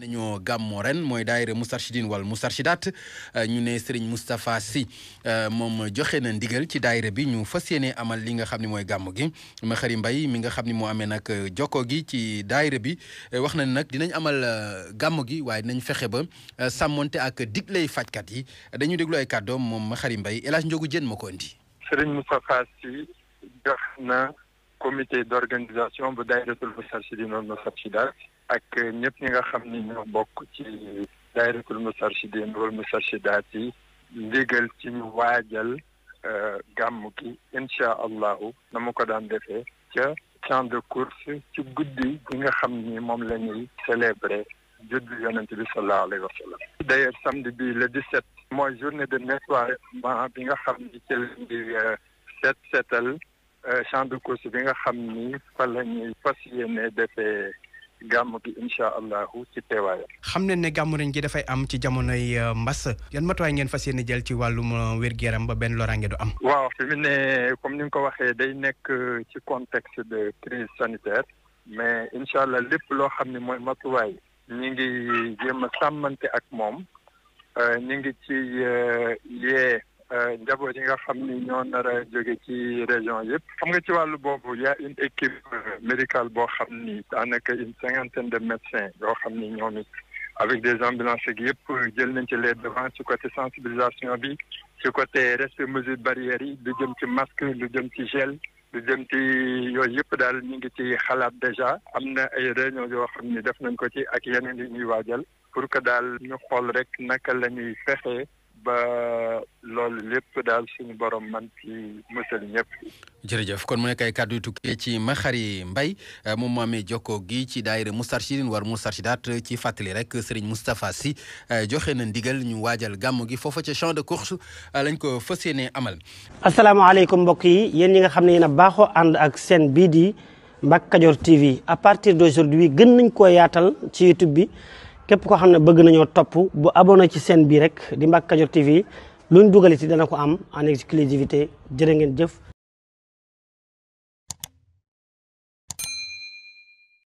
nañoo gàmmoo ren mooy daayira Moustarchidine wal Moustarchidaat euh, ñu ne Serigne Moustapha Sy euh, moom joxe na ndigal ci daayira bi ñu fas yéene amal li nga xam ne mooy gàmm gi ma Maxari Mbay mi nga xam ne moo amee nag euh, jokko gi ci daayira bi wax na ne nag dinañ amal gàmm gi waaye dinañ fexe ba sàmmonte ak digley fajkat yi dañu déglu ay kàddoom moom Maxari Mbay El Hadj Njogu Jën ma ko indi. Serigne Moustapha Sy jox na comité d'organisation bu daayiratul Moustarchidine ak ñëpp ñi nga xam ni ñoo bokk ci daayiratul mustarchidin wal mustarchidaat yi ndigal ci ñu waajal euh, gàmm gi incha allahu na mu ko daan defee ca champ de course ci guddi gi nga xam ni moom la ñuy célébrer juddu yonent bi sallallahu alayhi wa sallam d'ailleurs samedi bi le 17 mooy journée de nettoiement bi nga xam ni ci lañ di euh, set setal euh, champ de course bi nga xam ni fa la ñuy fas yéene defee gàmm gi incha allahu ci teewaayam. xam ne ne gàmmu ren gi dafay am ci jamonoy euh, mbas yan matuwaay ngeen fas yéene jël ci wàllum euh, wér-gu-yaram ba benn loraange du am. waaw fi mu ne comme ni nga ko waxee day nekk euh, ci contexte de crise sanitaire mais incha allah lépp loo xam ne mooy matuwaay ñi ngi jéem a sàmmante ak moom ñi ngi ci yee. njaboot yi nga xam ni ñoo nar a jóge ci région yëpp xam nga ci wàllu boobu y a une équipe euh, médicale boo xam ni daanaka une cinquantaine de médecins yoo xam ni ñoom it avec des ambulances ak yëpp euh, jël nañ ci les devant ci côté sensibilisation bi ci côté respect mesures barrières yi lu jëm ci masque lu jëm ci gel lu jëm ci yooyu yëpp daal ñu ngi ci xalaat déjà am na ay réunion yoo xam ni def nañ ko ci ak yeneen yi ñuy waajal pour que daal ñu xool rek naka la ñuy ba loolu lépp daal suñu borom man ci musal ñëpp. jërëjëf kon mu nekk ay kàddu yu tukkee ci Maxari Mbay euh, moom moo amee jokkoo gi ci daayira Moustarchidine war daat euh, ci fàttali rek Serigne Moustapha Sy euh, joxe na ndigal ñu waajal gàmm gi foofa ca champ de course lañ ko fas yéenee amal. asalaamaaleykum mbokk yi yéen ñi nga xam ne yéen a baaxoo ànd ak seen bii di Mbacke Kadior TV à partir d'aujourd'hui gën nañ koo yaatal ci YouTube bi. képp koo xam ne bëgg nañoo topp bu abonné ci chaîne bii rek di Mbacke Kadior TV luñ dugal ci dana ko am en exclusivité jërë ngeen jëf